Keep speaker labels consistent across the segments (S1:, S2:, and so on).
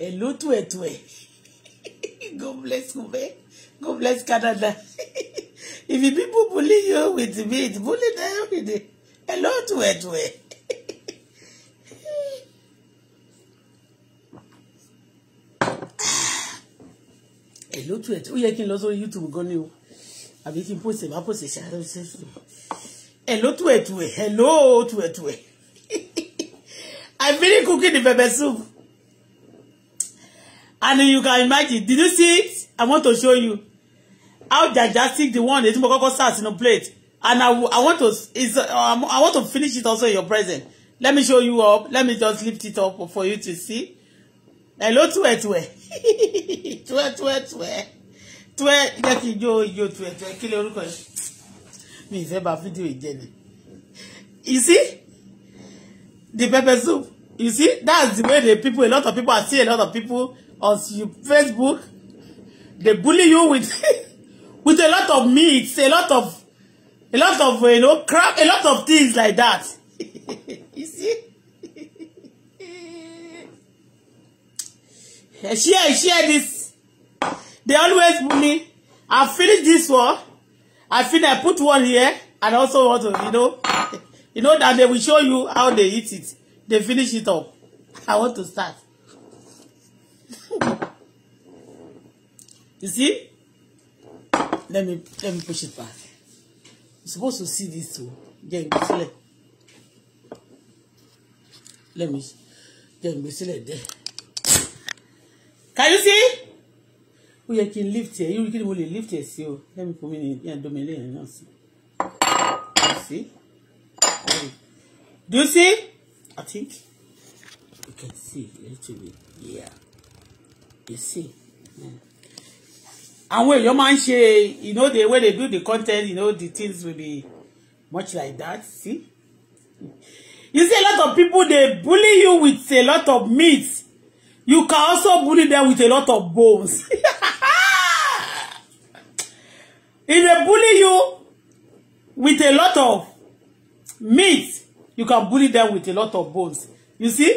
S1: Hello to it, to it. God bless you, God bless Canada. if you people bully you with me, it bully them with it. Hello to it, Hello to it. Ó yẹ kí n YouTube go new. o. Àbí kí posting, post ma post ṣe ara Hello to it, Hello to it, I'm really cooking the pepper soup and you can imagine did you see it i want to show you how jaja stick the one etimbo koko sat in a plate and i, I want to is uh, um, i want to finish it also in your present let me show you up let me just lift it up for you to see hello tuwe tuwe tuwe tuwe tuwe tuwe jẹ́ kí n jó ijó tuwe tuwe kí lè orúkọ yìí mi ìfẹ́ bá fídíò ìjẹ ni you see the pepper soup you see that's the way the people a lot of people are still a lot of people on Facebook. They bully you with with a lot of meats, a lot of a lot of you know crap, a lot of things like that. you see? share, share this. They always bully. I finished this one. I think I put one here and also want to, you know, you know that they will show you how they eat it. They finish it up. I want to start. You see? Let me let me push it back. You're supposed to see this too. Jẹ́ n gbé Let me jẹ́ n gbé there. Can you see? Ó you can lift ẹ̀ You can only lift ẹ̀ See? Let me put me in yẹn domi lẹ́yìn náà sí. You see? Do you see? I think you can see a little bit. Yeah èsì àwọn èèyàn máa ń ṣe you know the way they do the content you know the things will be much like that see you see a lot of people dey bully you with a lot of meat you can also bully them with a lot of bones if they bully you with a lot of meat you can bully them with a lot of bones you see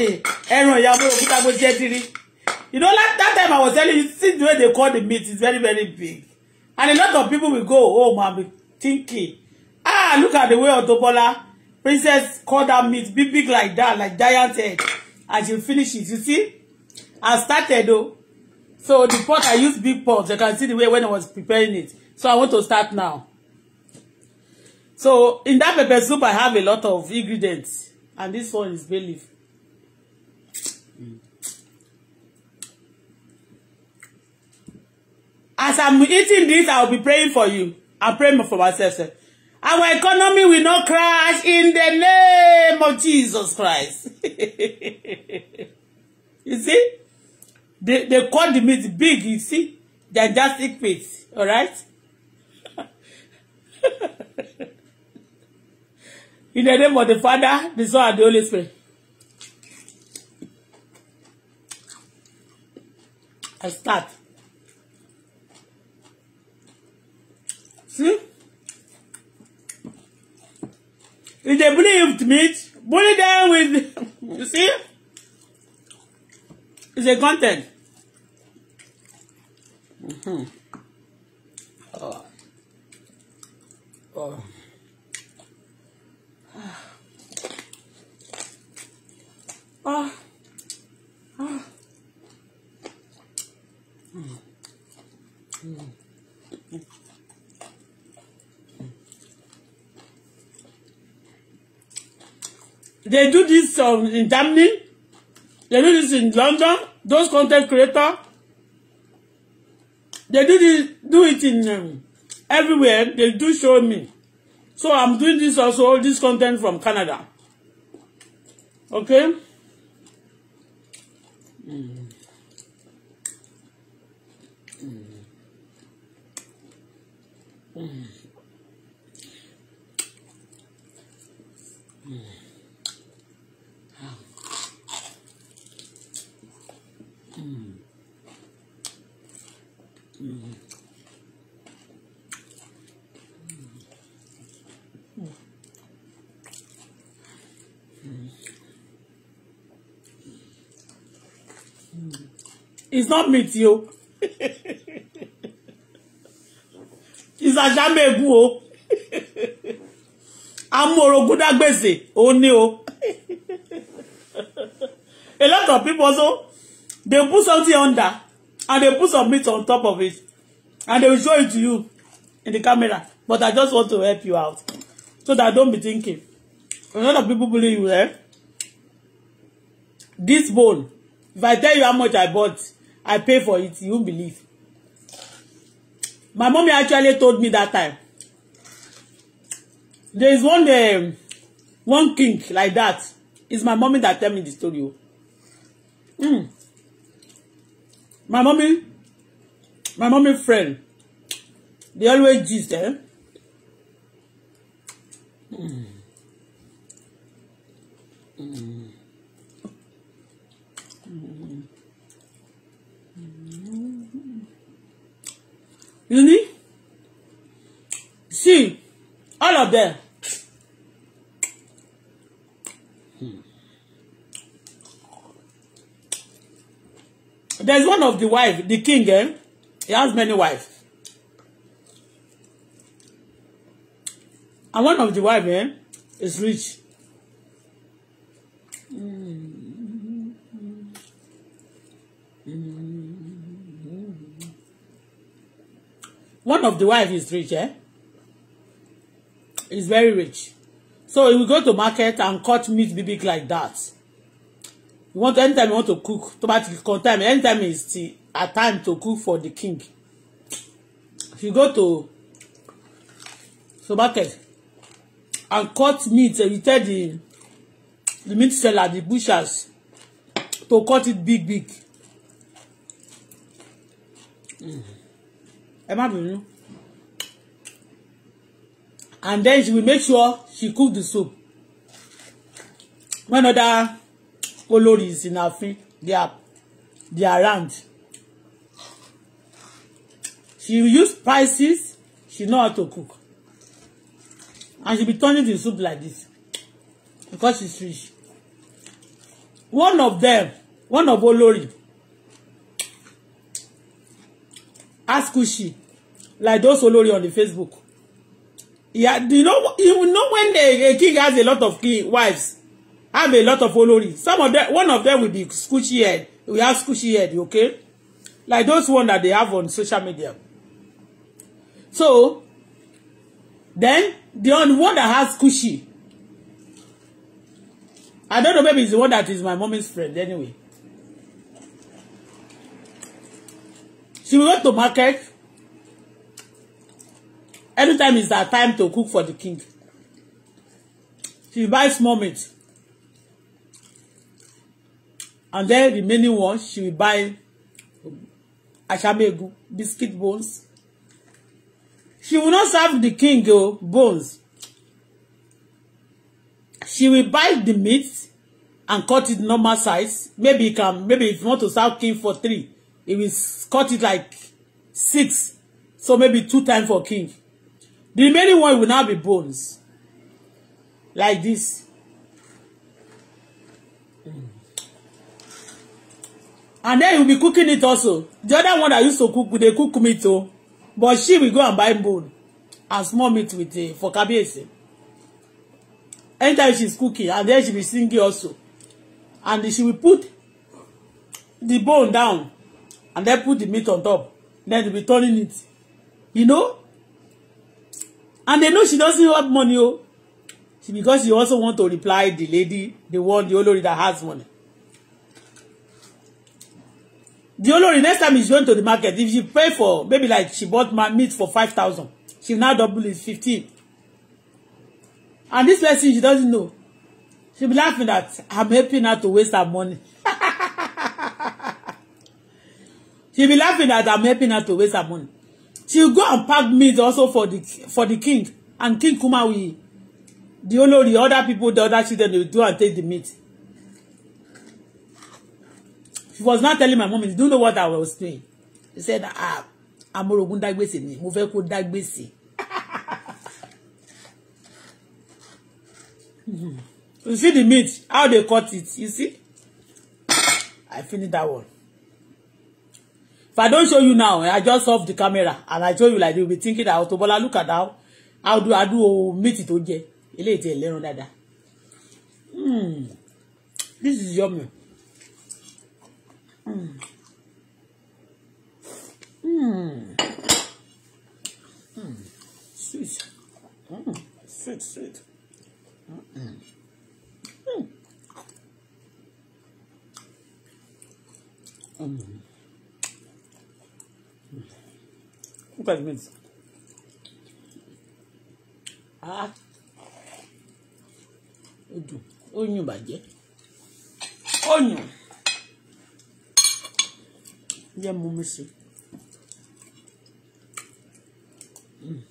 S1: ẹran ìyàwó òkúta bó jẹ́ dírí. You know, that, that time I was telling you, see the way they call the meat it's very, very big. And a lot of people will go home and be thinking, ah, look at the way Auto Princess called that meat, be big like that, like giant head. And she finish it, you see? I started though. So the pot, I used big pots. You can see the way when I was preparing it. So I want to start now. So in that pepper soup, I have a lot of ingredients. And this one is bay leaf. As I'm eating this, I will be praying for you. I'm praying for myself. Sir. Our economy will not crash in the name of Jesus Christ. you see? They, they call the meat big, you see? they Gigantic meat, all right? in the name of the Father, the Son, and the Holy Spirit. I start. See? Hmm? If they believed me, bully them with, you see? It's a content. Mm-hmm. Oh. Oh. Oh. Oh. Mm. Mm. They do this um, in Germany. They do this in London. Those content creators. They do this, do it in um, everywhere. They do show me. So I'm doing this also, this content from Canada. Okay? Mm. It's not meat o. It's a o. Amúorogún dágbèsè ó ní o. A lot of people also they put something under and they put some meat on top of it and they will show it to you in the camera but I just want to help you out so that don't be thinking a lot of people believe you eh this bone if I tell you how much I bought I pay for it you won't believe my mommy actually told me that time there is one um, one king like that it's my mommy that tell me the story mm my mommy my mommy friend dey always gist eh. You see, all of them. There's one of the wife, the king, eh? He has many wives. And one of the wives, eh, is rich. One of the wives is rich, eh? He's very rich. So he will go to market and cut meat big like that you want anytime you want to cook tó bá ti kọ time anytime is ti a time to cook for the king if you go to supermarket and cut meat and eh, you tell the the meat seller the butchers to cut it big big ẹ má bínú and then she will make sure she cook the soup when other olórí is in ààfin they are they are around she use spices she know how to cook and she be turning the soup like this because she's rich one of them one of olori ask Kushi like those olori on the Facebook yeah you know you know when a, a king has a lot of king wives I have a lot of olori. Some of them, one of them will be squishy head. We have squishy head, okay? Like those one that they have on social media. So, then the only one that has squishy. I don't know, maybe it's the one that is my mommy's friend anyway. She will go to market. Anytime is her time to cook for the king. She buys small meat and then remaining one she will buy ashamegu biscuit bones she will not serve the king o oh, bones she will buy the meat and cut it normal size maybe you can maybe if you want to serve king for three he will cut it like six so maybe two times for king the remaining one will now be bones like this. Mm and then he be cooking it also the other one I used to cook dey cook meat o oh. but she will go and buy bone and small meat with the eh, for kabiyesi anytime she is cooking and then she be singing also and she will put the bone down and then put the meat on top then they be turning it you know and they know she doesn't have money o oh. she because she also want to reply the lady the one the olori that has money The only next time is going to the market. If she pay for, maybe like she bought my meat for 5,000. She now double it 15. And this person, she doesn't know. She'll be laughing that I'm helping her to waste her money. She'll be laughing that I'm helping her to waste her money. She'll go and pack meat also for the for the king. And King Kuma will, the olori, other people, the other children, will do and take the meat he was not telling my mom he don't know what I was doing he said ah amorogun dágbèsè ni mo fẹ́ kó dágbèsè you see the meat how they cut it you see I finished that one if I don't show you now eh, I just off the camera and I show you like you be thinking that Auto Bola look at how how do I do o meat tó jẹ eléyìí ti ẹlẹ́ran Hmm, this is yummy. Mm. Mm. Sweet. Mm. Sweet, sweet. Mm-mm. Mm. Mm. Look at Ah. Ó dùn. Ó yùn de múmice. Hum.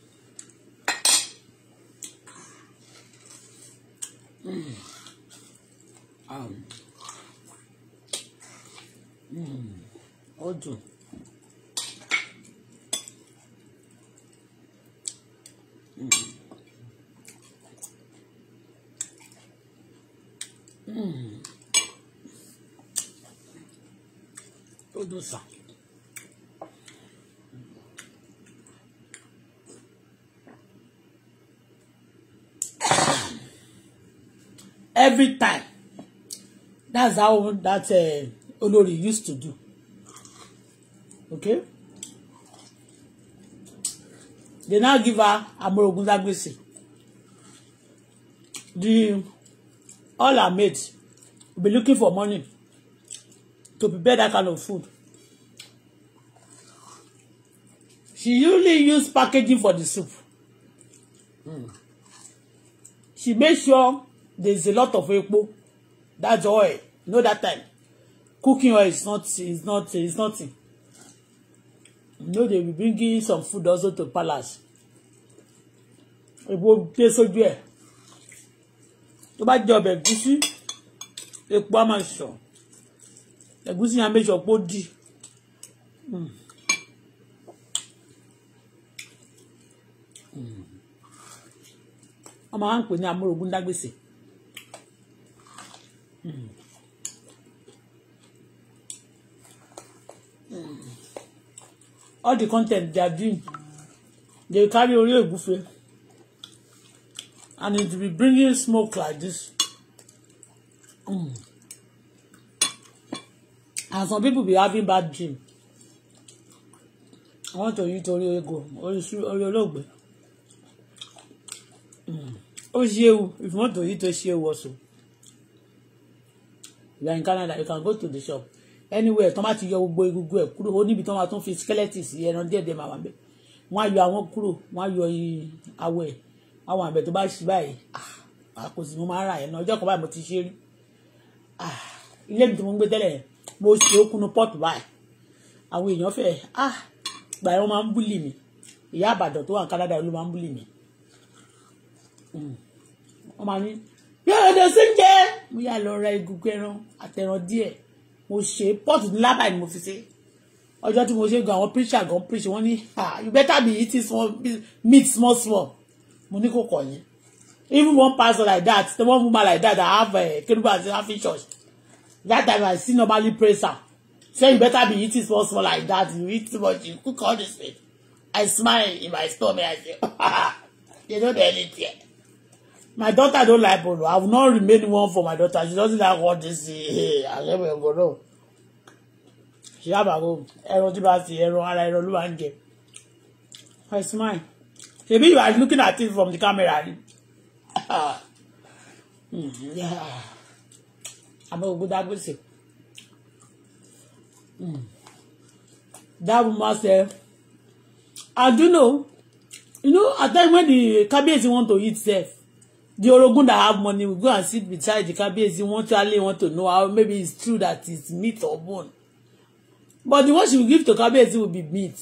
S1: Hum. Ah. Hum. Outro. Hum. Hum. Tudo every time that's how that uh, eh, olórí used to do okay they now give her amorogun dagbese the all her mates will be looking for money to prepare that kind of food she usually use packaging for the soup mm. she make sure there's a lot of epo that's oil eh? you know that time cooking oil is not is not is nothing you know they be bringing some food also to palace epo dé sójú ẹ tó bá jẹ ọbẹ̀ ẹ̀gúsí epo á máa sọ ẹ̀gúsí yẹn á méjọ pó dì. Mm. Hmm. ọmọ ń pè ní amúrògùn dágbèsè Hmm. all the content they are doing they carry Oreo buffet and it be bringing smoke like this mm. and some people be having bad dream I want to eat Oreo ego Oreo olóògbé mm. o ṣe ewu if you want to eat o ṣe ewu also you are in Canada you can go to the shop anywhere tán bá ti yọ gbogbo egungun ẹ̀ kúrò ó níbi tán máa tún fi skeleton sí ẹran díẹ̀ díẹ̀ máa wà bẹ́ẹ̀ wọ́n á yọ àwọn kúrò wọ́n á yọ awọ ẹ̀ àwọn àbẹ̀ tó bá ṣì báyìí ah, kò sì mo máa ń rà ẹ̀ náà ọjọ́ kan báyìí mo ti ṣe rí ah, ilé mi tí mo ń gbé tẹ́lẹ̀ mo ṣe ó kunu pọ́ọ̀tù báyìí àwọn èèyàn fẹ́ ah, gbà yẹn wọ́n máa ń búlì mi ìyá àbàdàn tó wà ní Canada ló máa ń búlì mi hmm. wọ́n máa ní yóò lè ń jẹ́ mo yà lọ ra egungun ẹran àtẹran díẹ̀ mo ṣe pọ́ọ̀tù ńlá báyìí ni mo fi ṣe ọjọ́ tí mo ṣe gan àwọn preacher gan preach wọ́n ní you better be eating small meat small small mo ní kò kọ̀ yín even one pastor like that the one woman like that that have uh, kerubu as a church that time I see normally praiser say you better be eating small small like that you eat too much you cook all this meat I smile in my stomach I say you no dey anything. My daughter don't like polo. I will not remain one for my daughter. She doesn't like all this. Hey, eh, eh, I never go no. She have her own. Ẹran tí bá ti ẹran ara ẹran ló máa ń jẹ. I smile. Maybe you are looking at it from the camera. Abẹ́ ògùn dágbèsè. That woman said, I do know. You know, at times when the cabbage want to eat self, the orogun that have money will go and sit beside the Kabiyesi want to actually want to know how maybe it's true that it's meat or bone but the one she will give to Kabiyesi will be meat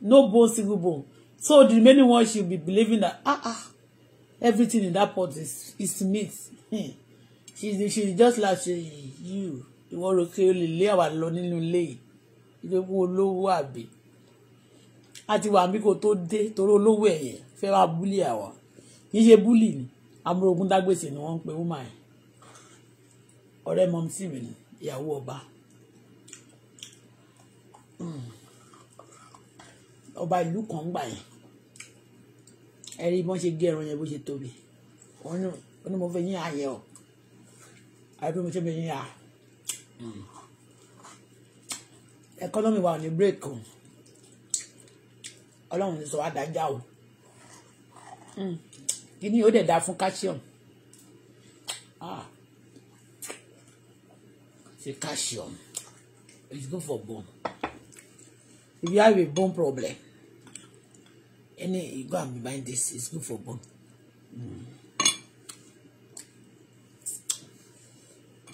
S1: no bone single bone so the remaining one she be believing that ah ah everything in that pot is is meat hmm. She's she just like say you ìwọ rò pé o lay lé learning lọ nínú ilé yìí ìdókòwò olówó àbí a ti wà bí kò tó dé torí olówó ẹ̀yẹ fẹ́ máa búlì àwa kì í ṣe búlì ni àbúrò Ògúndágbèsè ni wọ́n ń pe woman yìí ọ̀rẹ́ mọ́mísì mi ni ìyàwó ọba hmm. ọba ìlú kan gbà yẹn ẹ rí bọ́n ṣe gé ẹran yẹn bó ṣe tóbi wọ́n ní mo fẹ́ yín àyẹ̀ ọ́ àyẹ̀pẹ́ mo ṣe fẹ́ yín à ẹkọ́nọ́mì hmm. wa ò ní break o ọlọ́run ní sọ wá dájá o. Mm kíní ó dẹ̀ dáa fún calcium ah say calcium it's good for bone if you have a bone problem any you go and buy this it's good for bone. Mm.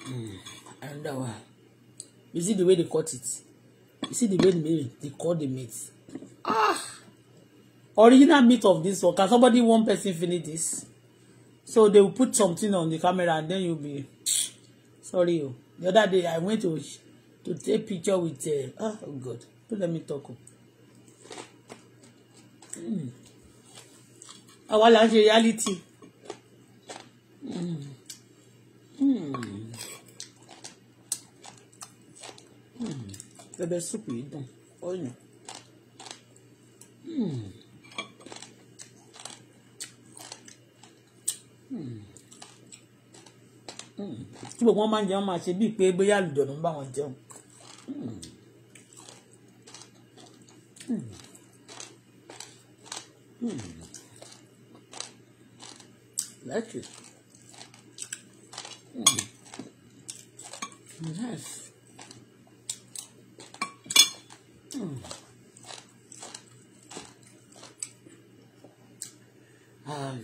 S1: Mm. And that one. You see the way they cut it. You see the way they, they cut the meat. Ah! original meat of this one can somebody one person finish this so they will put something on the camera and then you'll be sorry o oh. the other day I went to to take picture with uh, ah, oh, God don't let me talk o àwa là reality. Mm. Mm. Mm. Bẹ̀bẹ̀ súpù yìí Oh ọyàn. Mm. tí gbogbo wọn máa ń jẹun máa ṣe bíi pé bóyá àlùjọ̀nù ń bá wọn jẹun. That's Yes. Mm. Um.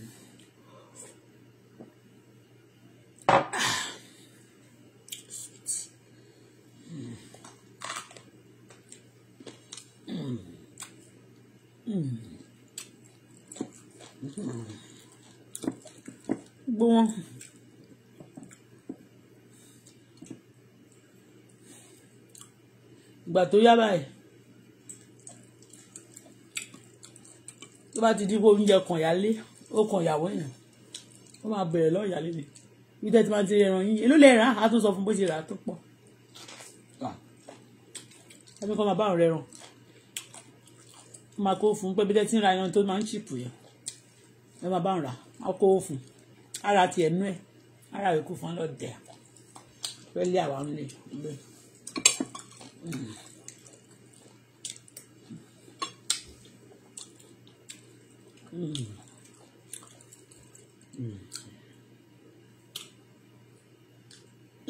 S1: gbogbo wọn. ìgbà tó yá báyìí tó bá ti dín kó oúnjẹ kan yálé ó kan ìyàwó èèyàn ó máa bẹ̀rẹ̀ lọ́ọ́ ìyálé ni bí tẹ́tí máa ti rí ẹran yín èló lè rà á tún sọ fún bó ṣe rà á tó pọ̀ ah. ẹbí kan máa bá ọ̀rẹ́ ràn ó máa kó fún pé bí tẹ́tí ń ra ẹran tó máa ń ṣìpù yẹn ẹ máa bá ń á kó fún un ara tiẹ̀ nú ẹ̀ ara yòókù fún ọlọ́dẹ fẹ́ lé àwa ńlẹ̀ lé. Mm.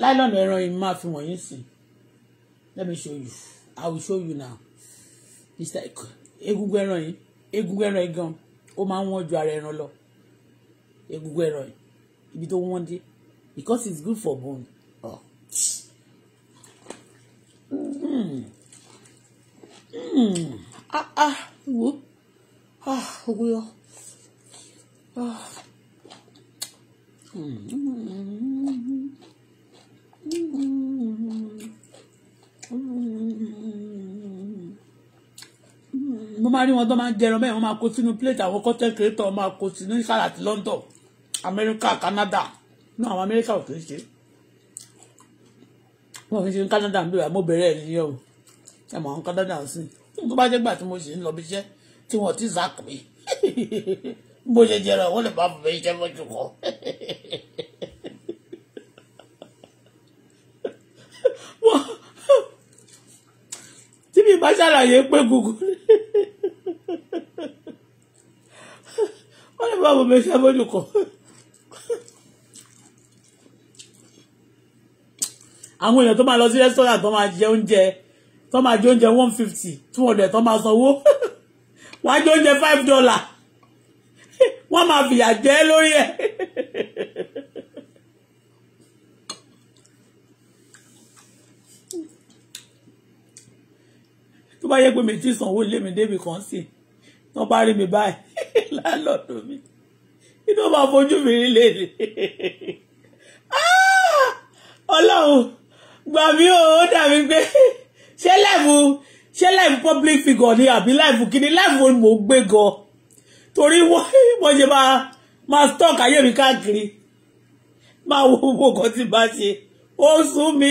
S1: láìlọ́nà ẹran yìí máa fi wọ̀nyí sìn let me show you i will show you now it's like egungun ẹran yìí egungun ẹran yìí gan ó máa ń wọ́n ju ara ẹran lọ egungun ẹran yìí ibi tó wọ́n dé because it's good for bone. Oh. Mm. Mm. Ah ah wo ah owó yọ ah. Mm. Mm. mo máa rí wọn tó máa ń jẹran bẹ́ẹ̀ wọ́n máa kó sínú plate àwọn content creator máa kó sínú ìsàlà àti London amẹ́ríkà canada náà àwọn amẹ́ríkà ò kì í ṣe wọn kì í ṣe canada bí mo bẹ̀rẹ̀ ẹ̀ yẹ o ẹ mọ̀ àwọn canada sí tó bá jẹ́ gbà tí mo ṣe ń lọ bí iṣẹ́ tí wọ́n ti zà pé bó ṣe jẹ́ra wọ́n lè bá fún iṣẹ́ fún ṣùkọ́. tí bá ṣàlàyé pé Google wọ́n lè bá fún iṣẹ́ fún ṣùkọ́. àwọn èèyàn tó máa lọ sí restaurant tó máa jẹ oúnjẹ tó máa jẹ oúnjẹ one fifty two hundred tó máa sanwó wàá jẹ oúnjẹ five dollar wọ́n máa fìyà jẹ lórí ẹ̀. tó bá yẹ pé mi ti sanwó ilé mi débi kan sí tó bá rí mi báyìí lálọ́dọ̀ mi inú máa fojú mi rí léèrè ah! ọlọ́run gbà mí o ó dàbí pé ṣé lẹ́ẹ̀fù ṣé lẹ́ẹ̀fù public figure ni àbí lẹ́ẹ̀fù kí ni lẹ́ẹ̀fù mò ń gbé gan torí wọ́n ṣe máa máa stock ayé mi káàkiri máa wo gbogbo nǹkan tí bá ṣe ó sún mi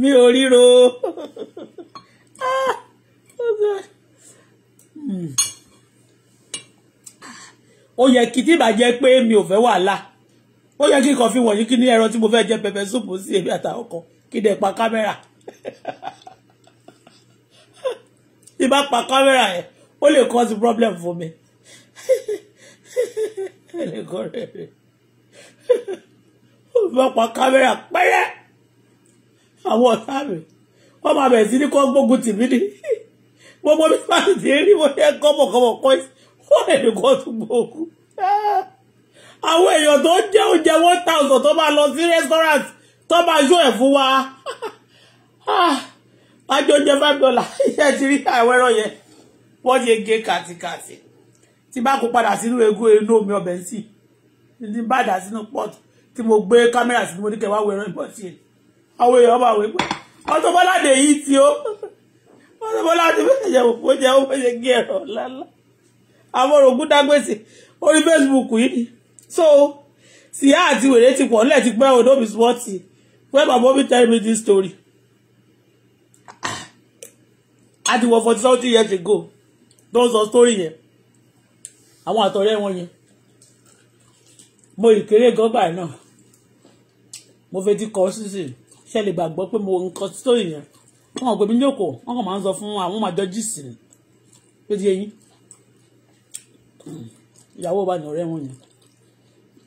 S1: mi ò ríro. ah, oh God. Mm ó yẹ kí tí ìbàjẹ́ pé mi ò fẹ́ wàhálà ó yẹ kí nǹkan fi wọ̀nyí kí ní ẹran tí mo fẹ́ jẹ pẹpẹ súpù sí èmi àtàwọn kan kí dẹ̀ pa kámẹ́rà tí bá pa kámẹ́rà ẹ̀ ó lè cause problem fún mi ẹ lè kọ́ rẹ̀ rẹ̀ ó bá pa kámẹ́rà pẹ́rẹ́ àwọn ọ̀tá mi wọ́n máa bẹ̀rẹ̀ sí ní kọ́ gbógun tì mí ní gbogbo mi máa ti rí mo yẹ kọ́mọ̀kọ́mọ̀ kọ́ wọ́n lè kọ́ tún gbógun àwọn èèyàn tó jẹ oúnjẹ one thousand tó máa lọ sí restaurant tó máa yọ ẹ fún wa ajọ ah, oúnjẹ five dollar iṣẹ ti rí àwọn ẹran yẹn wọ́n ṣe gé kàtìkàtì tí bá kó padà sínú egún inú omi ọbẹ̀ sí ní bá sínú port tí mo gbé kámẹ́rà sí mo ní kẹwàá wo ẹran ìbọn sí i àwọn èèyàn máa wẹ pé Auto Bola dè yìí tí ó Auto Bola dè bẹ́ẹ̀ jẹ́ òpó jẹ́ òpó ṣe gé ẹ̀rọ lálá àwọn orògùn dágbèsè orí Facebook yìí so síyá àti wèrè ti pọ̀ nílẹ̀ ti pẹ́ odó mi sọ́ọ̀tì where my mommy tell me this story àti wọ for something years ago Those are stories. story yẹn àwọn àtọ̀rẹ́ wọn yẹn mo ìkéré gọ́bà náà mo fẹ́ ti kọ́ sísè ṣe lè gbàgbọ́ pé mo nǹkan story yẹn wọn kò gbé mi ní òkò wọn kàn máa ń sọ fún àwọn máa jọjú sí ni ló di eyín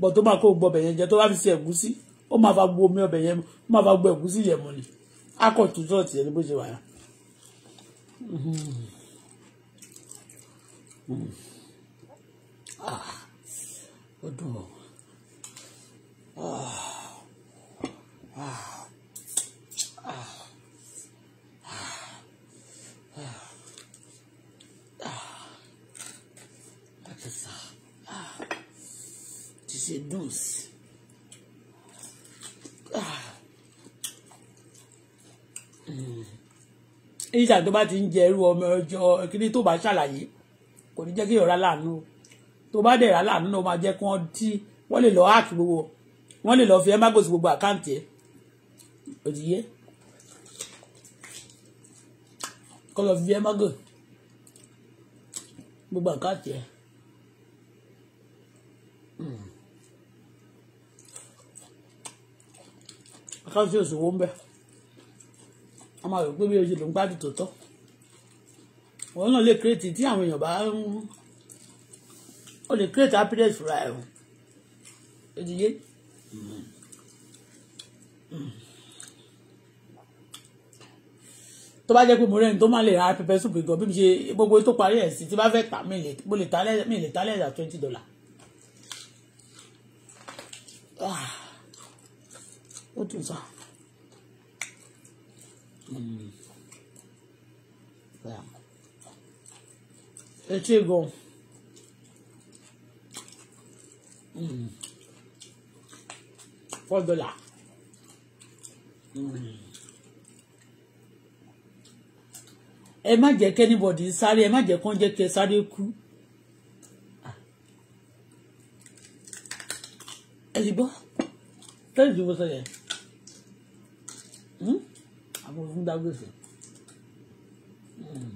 S1: bọ̀ tó máa kó gbọ́ ọbẹ̀ yẹn jẹ tó bá fi ṣe ẹ̀gúsí ó máa fa gbó omi ọbẹ̀ yẹn mu ó máa fa gbó ẹ̀gúsí yẹn mu ni akọ̀ tó sọ̀tì ẹni bó ṣe wà yá. ó dùn ọ́ that's a sign is a dose. Ah. Hmm. ìṣà tó bá ti ń jẹ irú ọmọ ọjọ́ kíní tó bá ṣàlàyé kò ní jẹ́ kí ọ̀rá láàánú tó bá dẹ̀ rà láàánú náà máa jẹ́ kí wọ́n tí wọ́n lè lọ háàkì gbogbo wọ́n lè lọ fi embargo gbogbo àkáǹtì ẹ̀ òdìyẹ kọ́ lọ fi embargo gbogbo àkáǹtì ẹ̀. Hmm. àkáǹtì òṣòwò ń bẹ̀ a máa rò pé bí oṣù ló ń gbádùn tó tọ́ òun náà lè kírètì tí àwọn èèyàn bá ń ó lè kírètì happiness fúnra ẹ̀ o òdìyé. tó bá jẹ́ pé mo rẹ́ni tó máa lè ra pẹpẹ súpù gan bí mo ṣe gbogbo tó parí ẹ̀ sí tí bá fẹ́ tà mí lè tà lẹ́yà twenty dollar. ó dùn sá. Hmm. etí gan. Hmm. four dollar. Hmm. ẹ má jẹ́ kẹ́nìbọ̀dì sáré ẹ má jẹ́ kán jẹ́ kẹ́ sáré kú. ẹ ti gbọ́ tẹ́lẹ̀ tí mo sọ yẹn. Hmm? àwọn òfin dágbèsè hmm.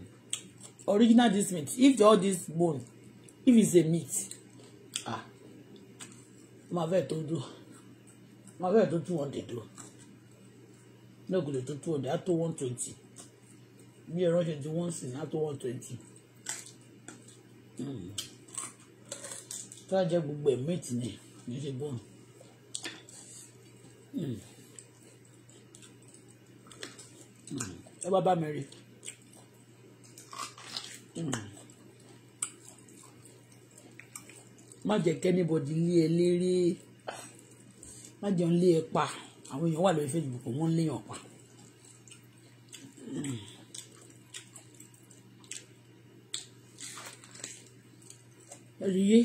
S1: original this meat if all this bone if it's a meat ah ma fẹ́ tó dùn ma fẹ́ tó two hundred o náà kò lè tó two hundred á tó one twenty bí ẹ̀rọ ṣe di one sin á tó one twenty hmm. tó a jẹ gbogbo ẹ̀ meat ni kì í ṣe bone. Mm ẹ wá bá mi rí má jẹ́ kẹ́nìbọ̀dì lé ẹ léré má jẹ́ ń lé ẹ pa àwọn èèyàn wà lórí Facebook wọ́n ń léèyàn pa. ẹ̀rìyé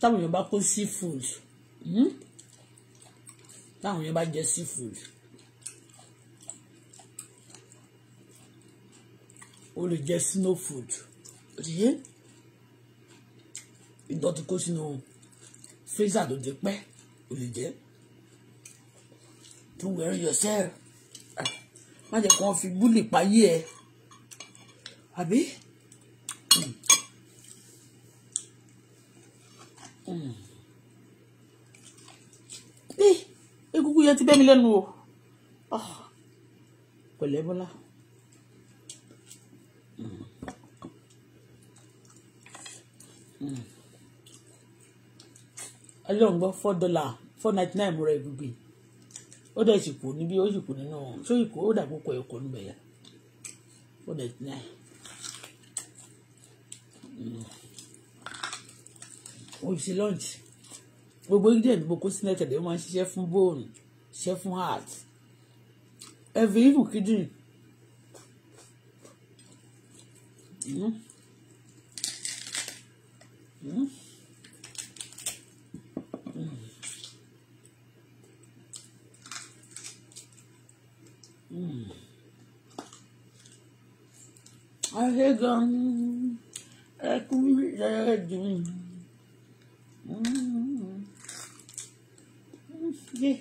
S1: táwọn èèyàn bá kó seafood hmm? táwọn èèyàn bá jẹ seafood. Mm? o lè jẹ snow food o ti yé ìtọ́ ti kó sínú freezer tó ti pẹ́ o lè jẹ tún wẹ̀rẹ̀ yourself ah, má jẹ́ kí wọ́n fi búlì payé ẹ àbí. Hmm. Hmm. egungun yẹn ti bẹ́ mi lẹ́nu o ah, pẹ̀lẹ́ bọ́lá. ọlọ́run gbọ́ four dollar four ninety nine mo ra ìgbìgbì ó dẹ̀ sì kù níbi ó sì kù nínú tó ìkó ó dàgbò kọ ẹ̀kọ́ níbẹ̀ yá four ninety nine ó mm. ṣe lunch gbogbo ingredient gbogbo sí nẹ́tẹ̀dẹ̀ ó máa ń ṣiṣẹ́ fún bone ṣiṣẹ́ fún heart every even kidney. mm mm ayé gan ẹkún yẹrẹ jù yé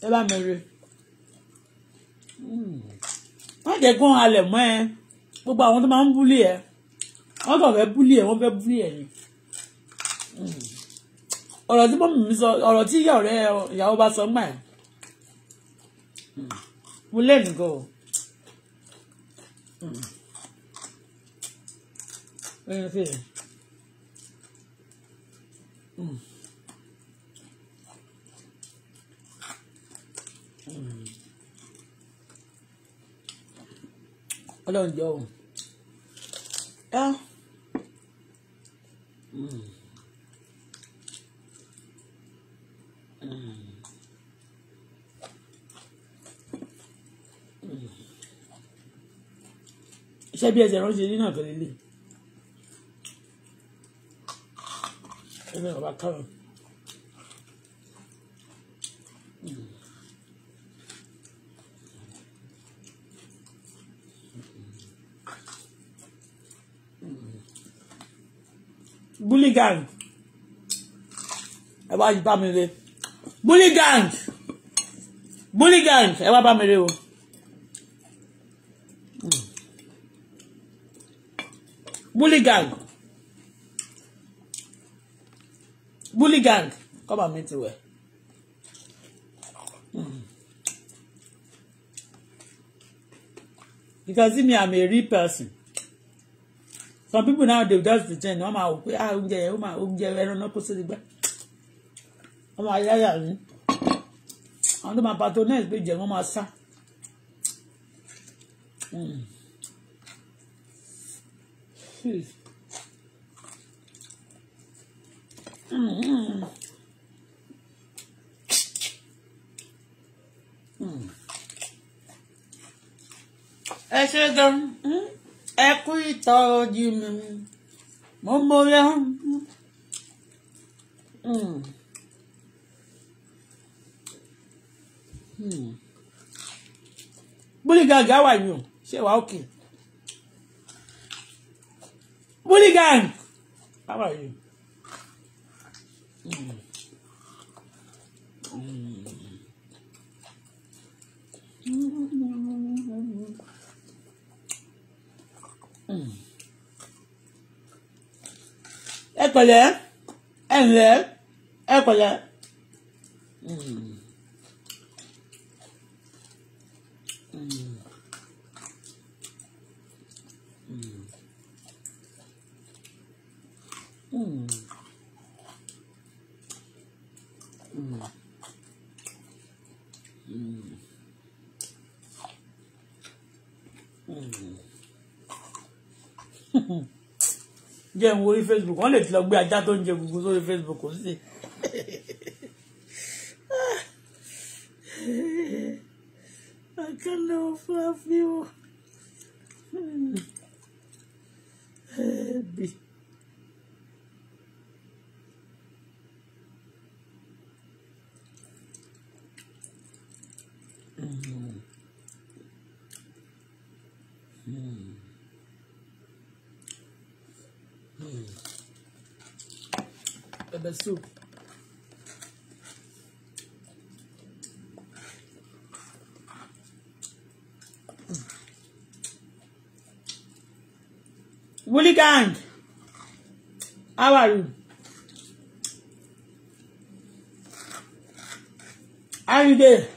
S1: ẹ bá mi rí má jẹ́ kó halẹ̀ mọ́ ẹ gbogbo àwọn tó máa ń búlì ẹ wọ́n kàn fẹ́ búlì ẹ wọ́n fẹ́ búlì ẹ ni ọ̀rọ̀ tí mọ́mí sọ ọ̀rọ̀ tí ìyá ọ̀rẹ́ ìyàwó bá sọ gbà ẹ̀ mo lẹ́nu gan o ọlọ́run jọ o. Yeah. Mm. iṣẹ́ bí ẹsẹ̀ ránṣẹ́ nínú àtọ̀ lélẹ̀ ẹgbẹ́ bàbá káwọn. bully gang ẹ wá bá mi re bully gang bully gang ẹ wá bá mi re o. Bully gang. Bully gang. Come and meet you where. Hmm. You can see me, I'm a real person. Some people now, they just pretend, ọmọ òkú, ah, oúnjẹ, ọmọ oúnjẹ, ẹran náà kó sí ìgbà. Ọmọ ayáyà ni. Àwọn tó máa patronize pé jẹ́ wọ́n máa sá. Mm. please. Mm -mm. Mm. ẹ ṣe mi mo ń bóyá bóyá gàgà wà yìí o ṣé wàá Okay. Bully gang. How are you? Mm. Mm. ẹ pẹ̀lẹ́ ẹ ǹlẹ́ ẹ pẹ̀lẹ́. Mm. jẹ́ ń worí Facebook wọ́n lè ti lọ gbé ajá tó ń jẹ gbogbo sórí Facebook kò sí. Ah. I cannot fluff you. the soup. Willie Gang, how are you? How are you there?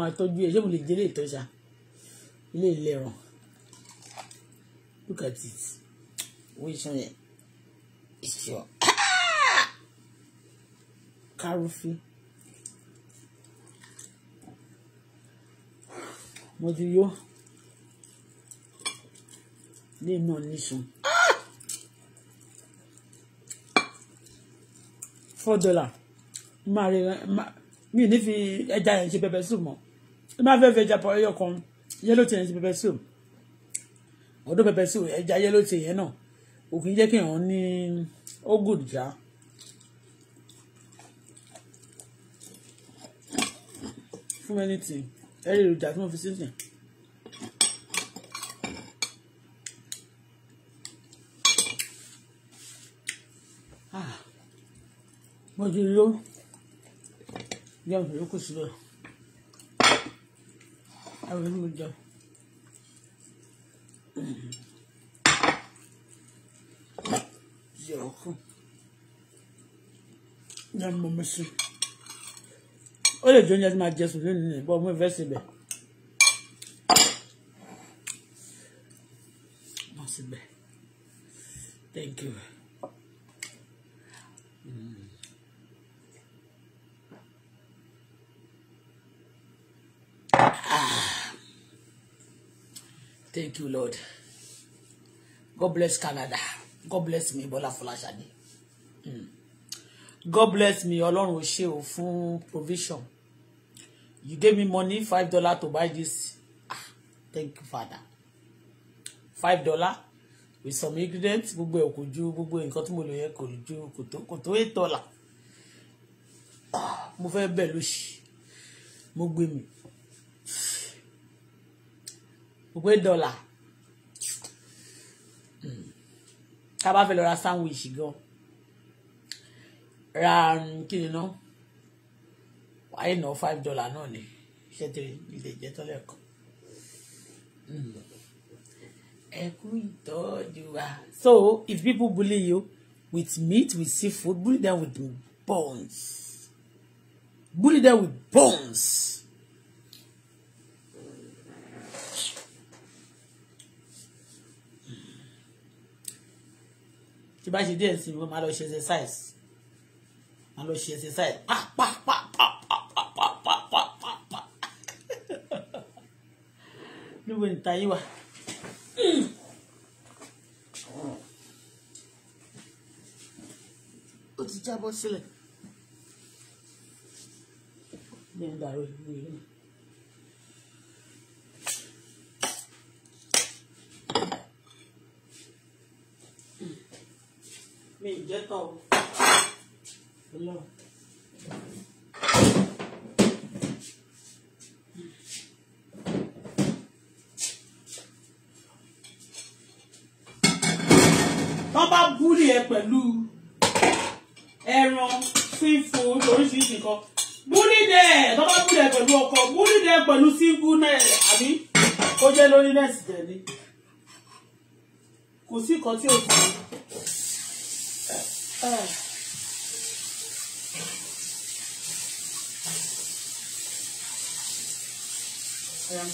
S1: máa tọ́jú ẹ ṣé mo lè jẹ́ ilé ìtọ́jà ilé ìlẹ́ràn look at it which one is your kárọ́fì. mo ti yó ilé náà nísun. four dollar máa rí mi ní fi ẹja yẹn ṣe pẹpẹ sùn mọ́ tó bá fẹ́ fẹ́ ẹja pọ̀ ẹyọ kan yẹ́lò tì yẹn ti pẹpẹ soup ọdún pẹpẹ soup ẹja yẹ́lò tì yẹn náà òkè jẹ́ kí èèyàn ní ó gùn já. fún mi ní tì ẹ̀rí èròjà tí mo fi sí sìn. Ah, mo jù ú yó jẹun ìyókù síbẹ̀ àwọn ìlú jọ. Yọ̀ fún. Ní ọmọ mi sí. Ó lè jẹ́ oúnjẹ tí máa jẹ sùn lónìí nìyẹn, Thank you. Thank you, Lord. God bless Canada. God bless me, Bola Folashade. Mm. God bless me, Ọlọ́run ó ṣé o provision. You gave me money, five dollar to buy this. Ah, thank you, Father. Five dollar with some ingredients. Gbogbo ẹ̀ kò ju gbogbo nǹkan tí mo lò yẹn kò ju kò tó kò tó eight dollar. Ah, mo fẹ́ bẹ̀ lóṣì. Mo gbé mi òpè dọ́là hmm. tá a bá fẹ́ lọ ra sandwich gan ra hmm, kí ni ná wáyé ná five dollar náà ni iṣẹ́ tẹ̀lé ilé ìjẹ́ tọ́lẹ̀ kan ẹ kú ìtọ́jú wa. so if people bully you with meat with seafood bully them with bones bully them with bones. tí bá ṣe díẹ̀ sí mi máa lọ ṣe exercise máa lọ ṣe exercise pa pa pa pa pa pa pa pa pa pa pa níbo ni tayi wa. ó ti jábọ́ sílẹ̀ ní ìdàrú ìlú yìí. mi ì jẹ́ tán o. wọ́n bá búlì ẹ pẹ̀lú ẹran fífún oríṣiríṣi kan búlì dẹ wọ́n bá búlì ẹ pẹ̀lú ọkọ búlì dẹ pẹ̀lú singleness àbí kó jẹ́ loneliness jẹ̀ ni kò sí nǹkan tí o sì. I am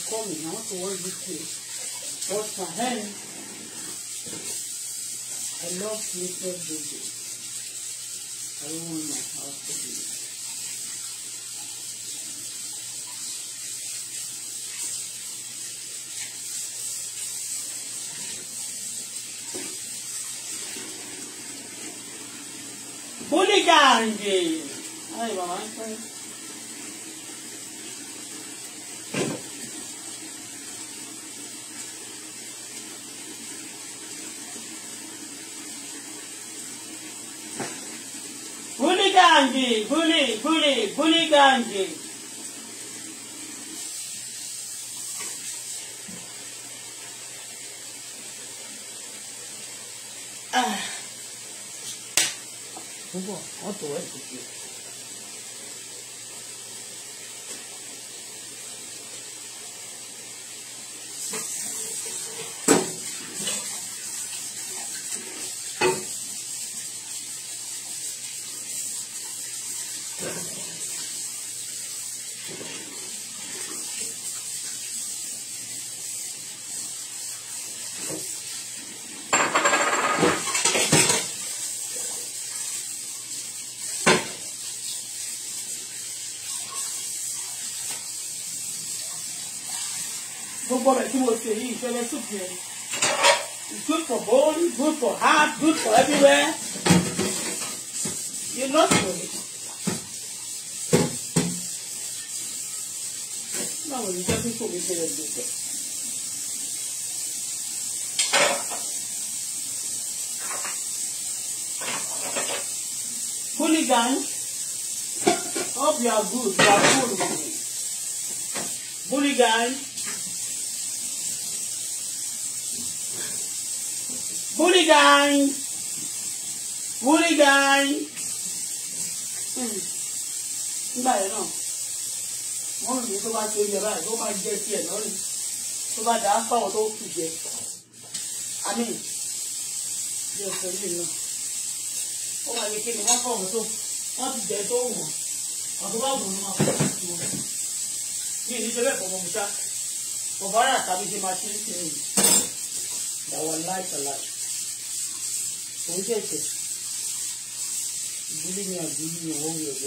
S1: coming. I want to wash this place. Wash my hand. I love little baby. I don't want my house to be. jàǹjè. Ayé màmá ń pẹ́. bully, bully gúlí gúlígàǹjì. 뭐야아또왜 tí mo ṣe yìí ìfẹ́lẹ́ soup yẹn it's good for bone good for heart good for everywhere you know need to be jẹ́ pípò do it. gbèsè. Hooligans, hope you are good, you are cool. Hooligans. Hooligan. Hooligan. Hmm. Nígbà yẹn náà, wọ́n rìn ní tó bá ti oúnjẹ báyìí tó máa jẹ́ tiẹ̀ lọ́rùn tó bá dà á fáwọn tó kù jẹ. Àmì bí ọ̀sẹ̀ yìí náà. Ó máa yẹ kí ni wọ́n fọ̀hún tó wọ́n ti jẹ tó wọ̀n. Àbúrò àbùrù máa fọ̀ sí wọn. Ní ìdíje bẹ́ẹ̀ fọmọ mi sá, bọ̀bá rà tàbí ṣe máa ṣe é ṣe é. Ìyàwó aláìsàn láì. 从小就，一里娘、屋里娘、屋里爷、屋里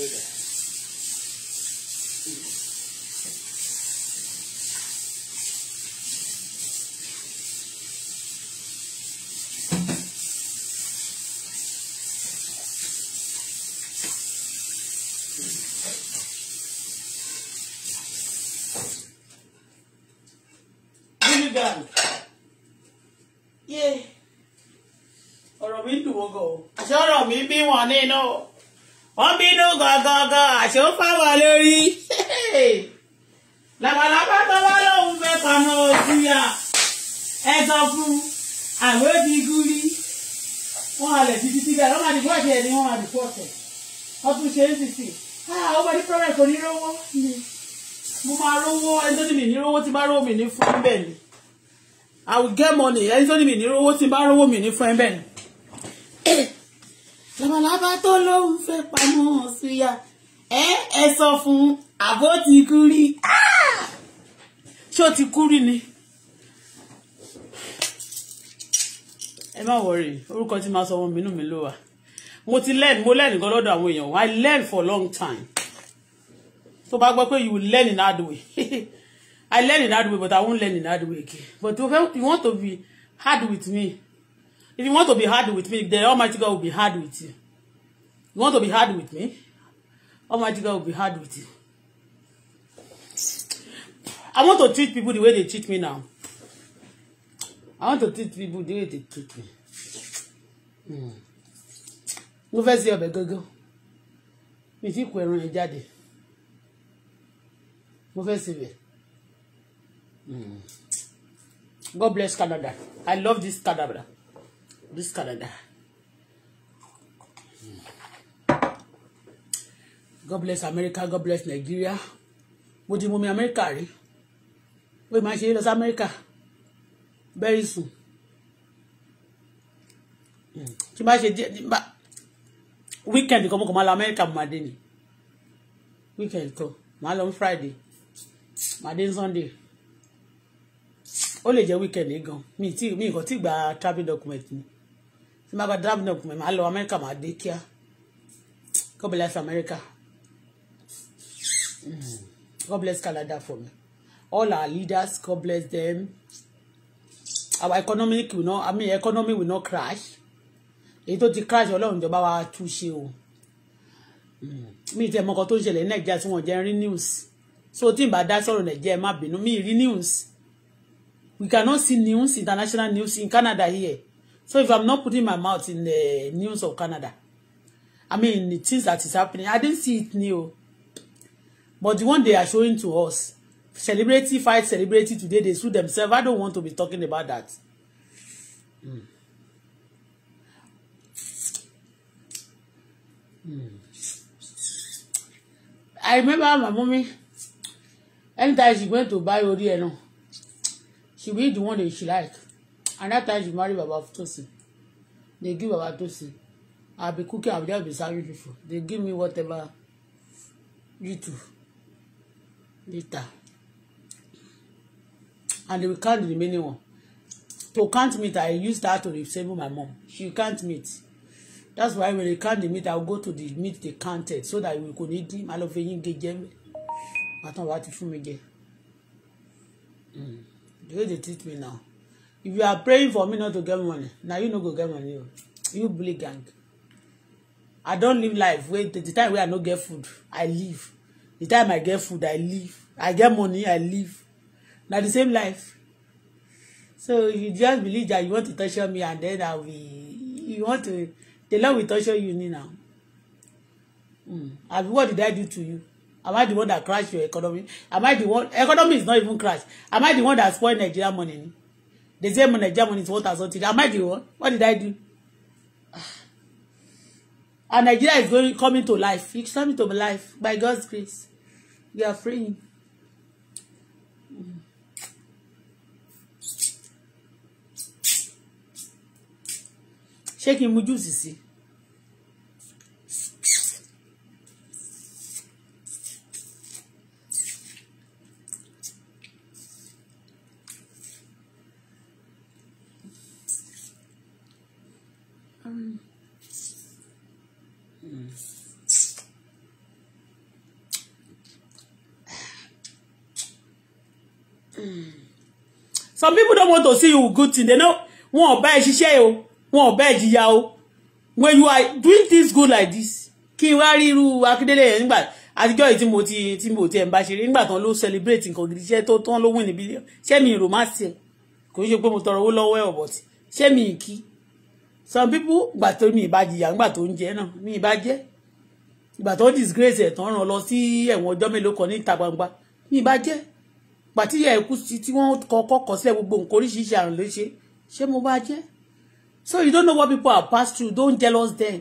S1: nínú wọ́n bínú gangan àṣọfáwọ̀ lórí làbàlàbà tó wá lóhùn mẹ́fà mọ́ ojú yá ẹ sọ fún àwọn òbí gúrí wọ́n halẹ̀ títí títí àlọ́ máa dìbò àti ẹ̀ní wọ́n máa dìbò ọ̀tẹ̀ wọ́n tún ṣe é sì sí àwọn ọmọdé pẹ́rẹ́ kò ní rówó ni mo máa rówó ẹni tó ní mi ní rówó tí bá rówó mi ní fún ẹ bẹ́ẹ̀ ni I will get money ẹni tó ní mi ní rówó tí bá rówó mi ní fún ẹ bẹ́ẹ̀ ni labalábá tó lóun fẹ́ pamọ́ síyá ẹ ẹ sọ fún àbó ti kú rí ṣó ti kú rí ni. ẹ má wọrí orúkọ tí máa sọ wọn mínú mi ló wà mo ti learn mo learn nǹkan lọ́dọ̀ àwọn èèyàn I learn for long time tó bá gbọ́ pé you learn in hard way I learn in hard way but I won't learn in hard way again but you want to be hard with me If you want to be hard with me, the Almighty God will be hard with you. You want to be hard with me? Almighty God will be hard with you. I want to treat people the way they treat me now. I want to treat people the way they treat me. Hmm. Mo fẹ́ sí ọbẹ̀ go. Mi ti kó ẹran yẹn jáde. Mo fẹ́ sí hmm. God bless Canada. I love this Canada this calendar. God bless America, God bless Nigeria. Mo ti mú mi Amẹ́ríkà rí. Wọ́n máa ṣe é lọ sí Amẹ́ríkà. Very soon. Tí máa ṣe díẹ̀ nígbà weekend kan mo kàn máa lọ Amẹ́ríkà mo máa dé ni. Weekend kan máa lọ Friday máa dé Sunday. Ó Weekend. jẹ́ weekend gan. Mi ì nǹkan tí gba travel document ni tí má bá dábìnà kùmẹ̀ má lọ amẹ́ríkà má dé kíá God bless America God bless Canada for me all our leaders God bless them our economy will not I mean economy will not crash èyí tó ti crash ọlọ́run jọba wa tún ṣe o mi tẹ mọ nǹkan tó ń ṣẹlẹ̀ ní nàìjíríà tí wọ́n jẹ́ rí news so tí n bá dá sọ̀rọ̀ nàìjíríà ẹ má bínú mi rí news we cannot see news international news in Canada here So if I'm not putting my mouth in the news of Canada, I mean, the things that is happening, I didn't see it new. But the one they are showing to us, celebrity fight, celebrity today, they sue themselves. I don't want to be talking about that. Mm. Mm. I remember my mommy, anytime she went to buy Ori, she read the one that she like and that time she marry baba tosin they give baba tosin i be cooking i be just be serving people they give me whatever little later and they will count the remaining one to count meat i use that to resemble my mom she count meat that's why when they count the meat i go to the meat they counted so that we go need dín máa lọ fi eyín gé jẹ wa ti fún mi jẹ mm. the way they treat me now if you are praying for me not to get money na you no go get money o you bully gang i don live life wey the time wey i no get food i live the time i get food i live i get money i live na the same life so if you just believe that you want to torture me and then i will you want to the Lord will torture you now mm. and what did i do to you am i the one that crash your economy am i the one economy is not even crash am i the one that spoil Nigeria money They say Nigeria money is 1,000 trillion. Am I the one? What did I do? Ah. And Nigeria is going coming to life. It's coming to life by God's grace. You are free. Shake kí n mu júùsì sí some people don't want to see you good thing they know wọn ò bá share. ṣiṣẹ́ o wọn ò bá ẹ when you are doing things good like this kí n wá rí irú akíndélé yẹn nígbà àtijọ́ yìí tí mo ti tí mo ti ẹ̀ ń bá ṣe rí nígbà celebrate nǹkan gidi iṣẹ́ tó tán ló wìn níbi ṣé mi romance ẹ̀ kò ṣe pé mo tọrọ owó lọ́wọ́ ẹ̀ ọ̀bọ̀t ṣé mi kí some people gbà tó mi ìbá jìyà nígbà tó ń jẹ náà mi ìbá jẹ́ ìgbà tó disgrace ẹ̀ tán ràn lọ sí ẹ̀wọ̀n ọjọ́ mélòó kan ní ìta gbangba mi ìbá jẹ́ pàtíyà ẹ̀kú tí wọ́n kọ́kọ́ kọ́ sẹ́ gbogbo nǹkan oríṣiríṣi àrùn ló ṣe ṣé mo bá jẹ́ so you don't know what people are passed through don't jealous then.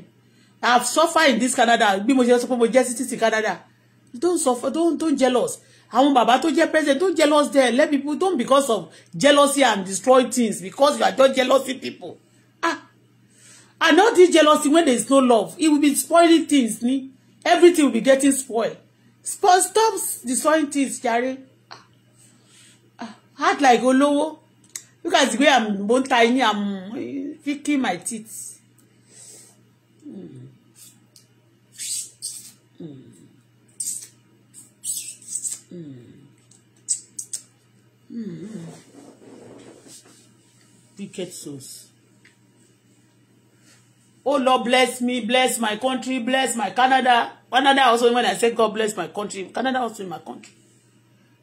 S1: i have suffered in this Canada bí mo ṣe sọ pé mo jẹ́ city Canada don't suffer don't don't jealous àwọn bàbá tó jẹ́ president don't jealous them let people don't because of jealousy and destroy things because you are just jealousy people ah and not this jealousy when there is no love it will be spoiling things ni everything will be getting spoiled stop destroying things jare act like olówó look at the way i'm bó tiny. i'm picking my teeth. Mm. Mm. Mm. Mm. Wicked souls. Oh Lord, bless me, bless my country, bless my Canada. Canada also when I say God bless my country, Canada also in my country.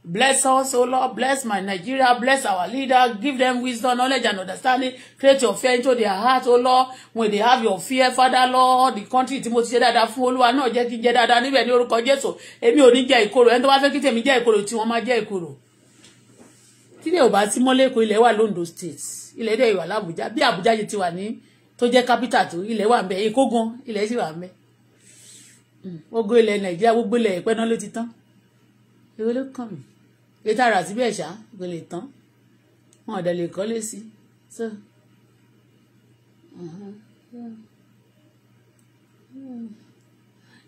S1: Bless us, O Lord. Bless my Nigeria. Bless our leader. Give them wisdom, knowledge, and understanding. Create your fear into their heart, O Lord. When they have your fear, Father Lord, the country tí mo ti ṣe dáadáa fún Olúwa náà jẹ́ kí n jẹ dáadáa níbẹ̀ ní orúkọ Jésù. Èmi ò ní jẹ ìkorò. Ẹni tó bá fẹ́ kí tèmi jẹ ìkorò tí wọ́n máa jẹ ìkorò. Tílé ò bá sí mọ́lẹ́kùn ilẹ̀ wà l'Ondo State. Ilẹ̀ dẹ̀ wà l'Abuja. Bí Abuja yìí ti wà ní tó jẹ́ capital tó ilẹ̀ wà ńbẹ̀. Èkó gan ilẹ̀ sì wà ńbẹ̀. Hmm. Ogo ilẹ̀ Nàìjíríà gbogbo ilẹ̀ ìpẹ́ náà ló ti tán. Èwo ló kàn mí? ètò ara àti bẹ́ẹ̀ ṣá kò lè tán wọn ọ̀dẹ̀ lè kọ́lé sí so.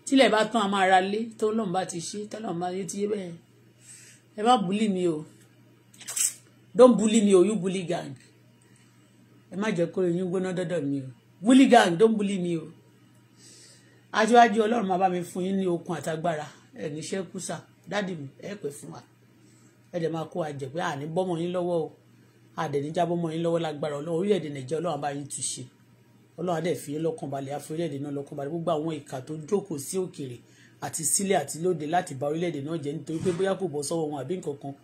S1: tílẹ̀ bá tán a máa ra lé tó lọ́n bá ti ṣe tọ́lọ́n bá yé ti yé bẹ́ẹ̀ ẹ má bùlí mi o don't bully me o you bully gang ẹ má jẹ́ kó yín gbóná dọ́dọ̀ mi o bully gang don't bully me o aṣíwájú ọlọ́run máa bá mi fún yín ní okun àtagbára ẹ̀ níṣẹ́ kùsà dádì mi ẹ pẹ́ fún wa ẹ̀dẹ̀ máa kó àjẹ́ pé àní bọ́mọ yín lọ́wọ́ o àdẹ̀ní jábọ́ mọ́ yín lọ́wọ́ lágbára ọlọ́run orílẹ̀-èdè nàìjíríà ọlọ́run bá yín tù ṣe ọlọ́run adẹ̀ fi lọ́kàn balẹ̀ á fi orílẹ̀-èdè náà lọ́kàn balẹ̀ gbogbo àwọn ìkà tó jókòó sí òkèèrè àti sílẹ̀ àti lóde láti bà orílẹ̀-èdè náà jẹ́ nítorí pé bóyá kò bọ́ sọ́wọ́ wọn àbí nǹkan kan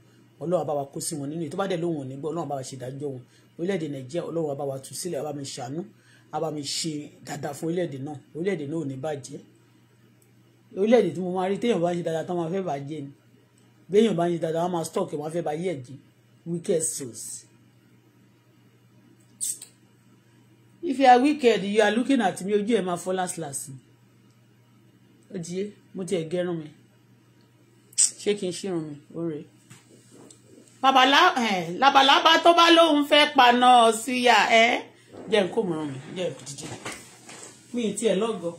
S1: ọlọ́run bá wa kó sí wọn nínú ìtọ́ bá dẹ̀ lóhùn òní gbọ́ ọlọ́run bá wa ṣe ìdájọ́ wọn orílẹ̀-èdè nàìjíríà ọlọ́run bá ò béèyàn bá yin dáadáa wọn máa stock wọn fẹ́ bá yí ẹ̀dín wicked souls. if you are wicked you are looking at me ojú ẹ máa fọ́ last last ó di yé mo tiẹ̀ gẹ́rùn mi ṣé kí n ṣírun mi ó rèé eh, labalábá tó bá lóun fẹ́ paná síyà ẹ́ eh? jẹ́ n kó mọ̀ràn mi jẹ́ n jíjẹ́ mi ì tiẹ̀ lọ́gọ̀ọ́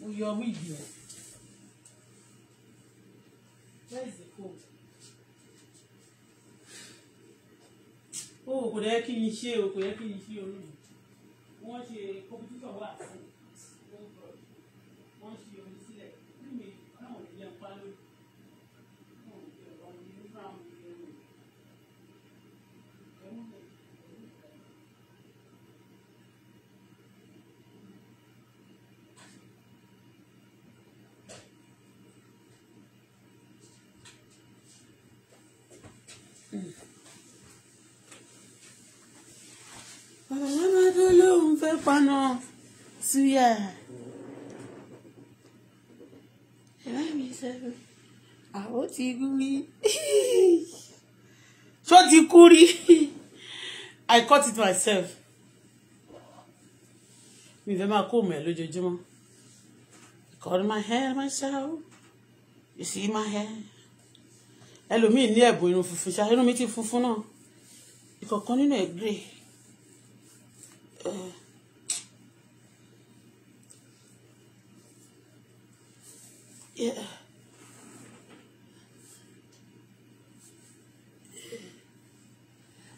S1: mo yọ wíìgì rẹ̀ where is the code? o oh, kò dẹ́ kí n ṣe o kò yẹ kí n ṣe olóyún wọ́n ṣe pano suya. Ẹ̀rọ mi sẹ́nu, àwọn ti gú mi. Tó ti kú rí. I cut it myself. Mi fẹ́ máa kó òmù ẹ̀ lójoojúmọ́. I cut my hair myself. You see my hair. Ẹlòmíì ní ẹ̀bùn irun funfun ṣá, irun mi ti funfun náà. Ìkọ̀kan nínú ẹ̀ grey. Yeah.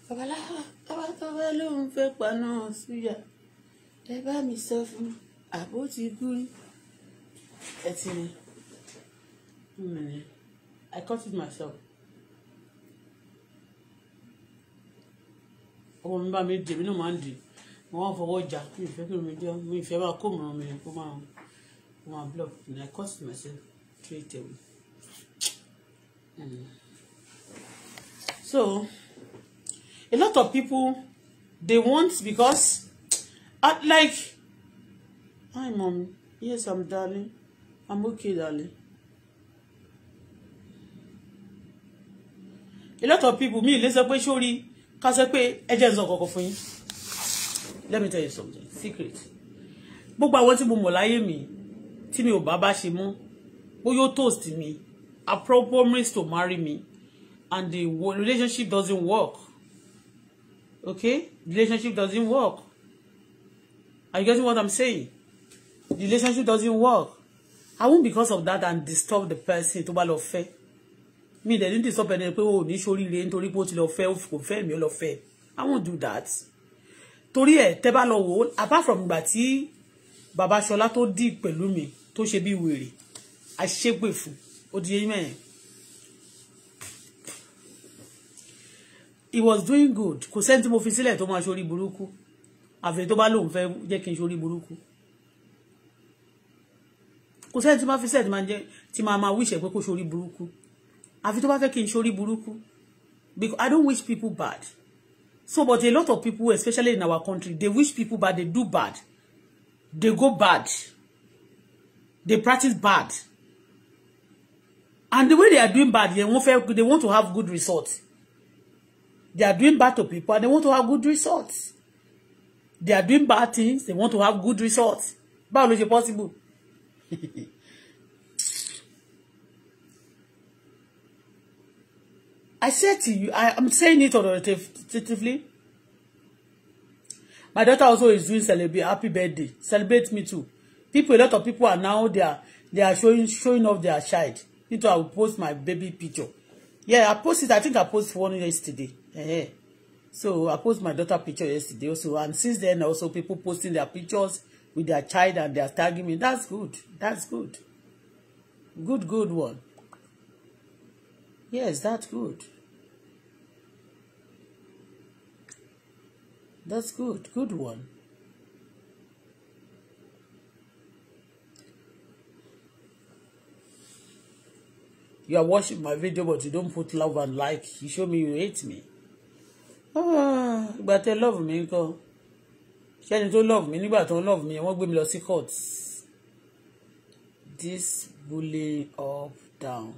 S1: babaláwa bàbá tó fẹ́ lóun fẹ́ paná suya? ẹ bá mi sọ fún àbó ti gúrí ẹ ti ní two minutes I cut it myself ọmọ mi bá mi dè mí náà máa ń dè mo wá fọwọ́ jà mi ìfẹ́ kí mi jẹ́ mi ìfẹ́ bá kó mọ̀ràn mi kó máa block and I cut it myself treat him. Mm. So, a lot of people, they want because, uh, like, hi mom, yes I'm darling, I'm okay darling. A lot of people, me. Let's say, pé sórí ká sọ pé ẹ jẹ́ n sọ Let me tell you something, secret. Gbogbo àwọn tí mo mọ̀ láyé mi, tí mi ò Baba bá ṣe bóyá toast me? a promise to marry me and the relationship doesn't work okay relationship doesn't work are you getting what i'm saying the relationship doesn't work i won't because of that and disturb the person To bá lọ fẹ́ mi dẹ̀ ní disturb any pé o ní sóríire nítorí pé o ti lọ fẹ́ kò fe. mi ò lọ fẹ́ i won't do that Tori, ẹ̀ tẹ́ bá lọ wò apart from ìgbà tí baba ṣọlá tó dì pẹ̀lú mi tó ṣe bí wèrè àṣegbè fún odi eyín mẹ́yẹn. he was doing good kò sẹ́ni tí mo fi sílẹ̀ tó máa ṣorí burúkú àfẹ́ tó bá lóun fẹ́ jẹ́ kí n ṣorí burúkú kò sẹ́ni tí máa fi sílẹ̀ tí máa máa wíṣẹ̀ pé kó ṣorí burúkú àfi tó bá fẹ́ kí n ṣorí burúkú because I don't wish people bad so but a lot of people especially in our country they wish people bad they do bad they go bad they practice bad And the way they are doing bad, they want feel, they want to have good results. They are doing bad to people and they want to have good results. They are doing bad things, they want to have good results. But ló ṣe possible? I said to you, I, I'm saying it authoritatively. My daughter also is doing celebrate happy birthday. Celebrate me too. People, a lot of people are now they are they are showing showing off their child. Into I will post my baby picture yeah I post it I think I post one yesterday yeah. so I post my daughter picture yesterday also and since then also people posting their pictures with their child and they are tagging me that's good that's good good good one yes that's good that's good good one You are watching my video, but you don't put love and like. You show me you hate me. Ah, ìgbà tẹ́ love mi ńkọ́ ṣẹ́ni tó love mi nígbà tó love mi wọ́n gbé mi lọ sí court. This bullying up down.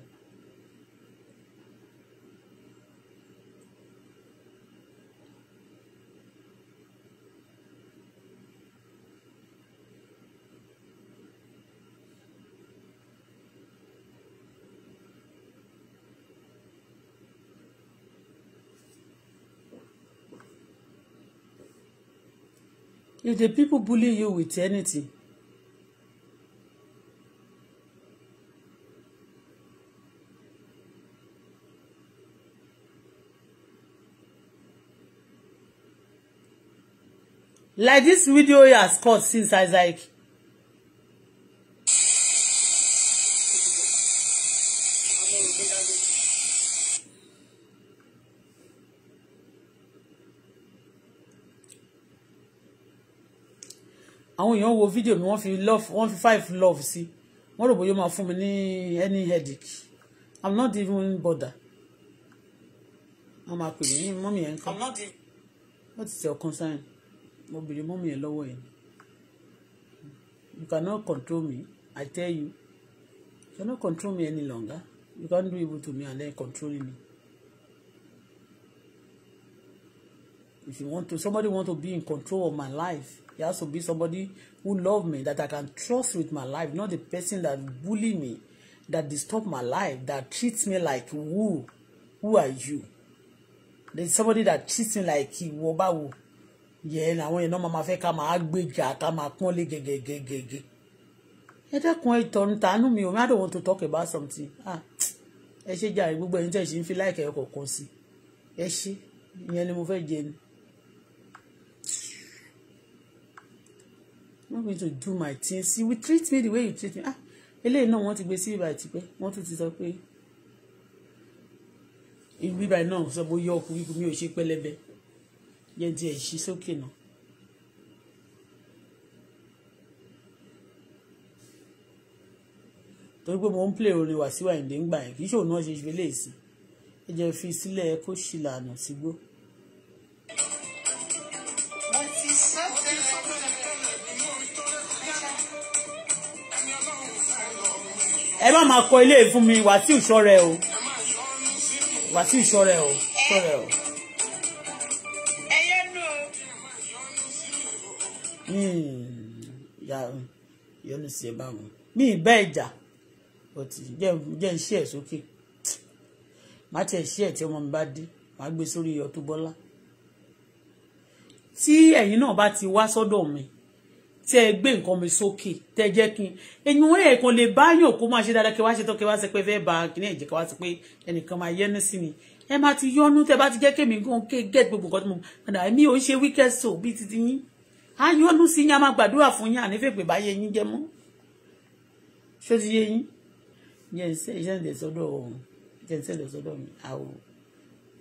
S1: If the people bully you with anything, like this video has caused since I like èèyàn wo fídíò mi wọ́n fi love wọ́n fi five love sí wọ́n rò bóyá máa fún mi ní any headache i'm not even bother wọ́n máa pè mí ní mọ́mì yẹn kan wọ́n ti tẹ ọkàn sáyẹn mo bèrè mọ́mì yẹn lọ́wọ́ yẹn you cannot control me i tell you you cannot control me any longer you can't do evil to me and then controlling me. if you want to somebody want to be in control of my life There has to be somebody who love me, that I can trust with my life, not the person that bully me, that disturb my life, that treats me like who? Who are you? Then somebody that treats me like he ìwọ báwo. Yẹn àwọn yẹn náà máa fẹ́ ma máa gbèjà ká máa pọ́nlé gẹ́gẹ́gẹ́gẹ́. Ẹ dẹ́kun ìtọ̀nù tanu mi, I don't want to talk about something. Ah, ẹ ṣe jàre gbogbo ẹ̀yin tẹ̀ ṣe ń fi láìkẹ́ ọkọ̀ kan sí. Ẹ ṣe, ìyẹn ni mo fẹ́ jẹ ni. I'm going to do my things you will treat me the way you treat me ah eléyìí náà wọ́n ti gbé sí ibà tipẹ́ wọ́n tún ti sọ pé ibà náà sọ bó yọ ọkùnrin mi ò ṣe pẹlẹbẹ yẹ díẹ̀ ṣí sókè náà. torí pé mo ń play orin Wàsíù Àyìndé ń gbà yẹn kì í ṣòun náà ṣe ṣe léèsì ẹ jẹ́ fi sílẹ̀ kó ṣìlànà sígbó. Si ẹ má máa kọ ilé fún mi Wàsíù ṣọ́rẹ́ o Wàsíù ṣọ́rẹ́ o ṣọ́rẹ́ o. Hmm, yọnu sí ẹ báwọn mi ì bẹ́ẹ̀ jà òtí jẹ́ ń ṣe ẹ̀ sókè má tẹ̀ ṣe ẹ̀ tí ọmọ mi bá dé má gbé sórí Auto Bola tí ẹ̀yin náà bá ti wá sọ́dọ̀ mi tẹ ẹ gbé nǹkan mi sókè tẹ jẹ́ kí n ẹ̀yin wọn ẹ̀ẹ̀kan lè báyàn kó máa ṣe dáadáa kí wá ṣe tán kí wá ṣe pé fẹ́ bá kíní ẹ̀jẹ̀ kí wá ṣe pé ẹnìkan máa yẹnu sí mi ẹ máa ti yọnu tẹ bá ti jẹ́ kémi gan ké gẹ́t gbogbo nǹkan tó mọ̀ padà èmi ò ń ṣe wíkẹ́ so bíi titi yín á yọnu sí yín á máa gbàdúrà fún yín àní fèpè báyé yín jẹ mọ́ ṣó ti yé yín yẹn ṣe iṣẹ́ ìdẹ̀ sọ́dọ̀ yẹn ṣe ìdẹ̀ sọ́dọ̀ mi I will